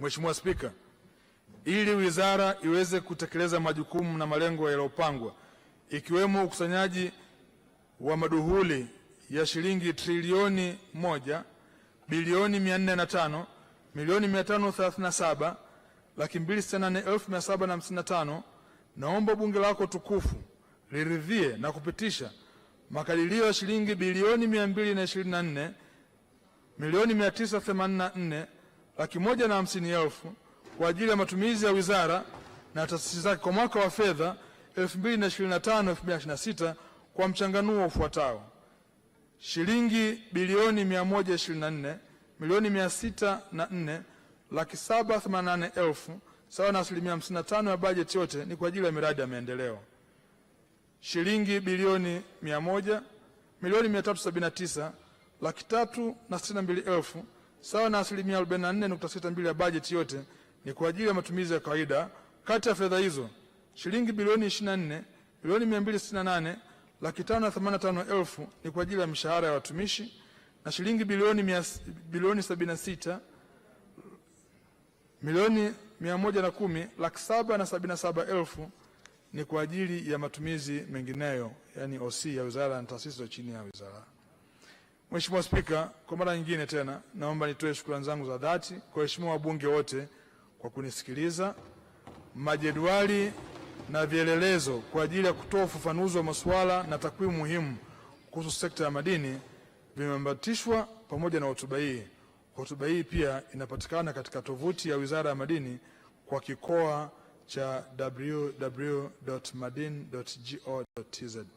Mheshimiwa Spika, ili wizara iweze kutekeleza majukumu na malengo yaliyopangwa ikiwemo ukusanyaji wa maduhuli ya shilingi trilioni moja bilioni 405 milioni 537 laki mbili elfu mia saba na tano. Naomba bunge lako tukufu liridhie na kupitisha makadirio ya shilingi bilioni 224 milioni 984 laki moja na hamsini elfu kwa ajili ya matumizi ya wizara na taasisi zake kwa mwaka wa fedha 2025 2026 kwa mchanganuo ufuatao: shilingi bilioni 124 milioni 604 laki 788 elfu sawa na asilimia 55 ya bajeti yote ni kwa ajili ya miradi ya maendeleo. Shilingi bilioni 100 milioni 379 laki 362 elfu sawa na asilimia 44.62 ya bajeti yote ni kwa ajili ya matumizi ya kawaida. Kati ya fedha hizo shilingi bilioni 24 bilioni 268 laki tano elfu ni kwa ajili ya mishahara ya watumishi na shilingi bilioni, bilioni 76 milioni 110 laki saba na 77 elfu ni kwa ajili ya matumizi mengineyo, yani OC ya wizara na taasisi za chini ya wizara. Mheshimiwa Spika, kwa mara nyingine tena naomba nitoe shukrani zangu za dhati kwa waheshimiwa wabunge wote kwa kunisikiliza. Majedwali na vielelezo kwa ajili ya kutoa ufafanuzi wa masuala na takwimu muhimu kuhusu sekta ya madini vimeambatishwa pamoja na hotuba hii. Hotuba hii pia inapatikana katika tovuti ya Wizara ya Madini kwa kikoa cha www.madin.go.tz.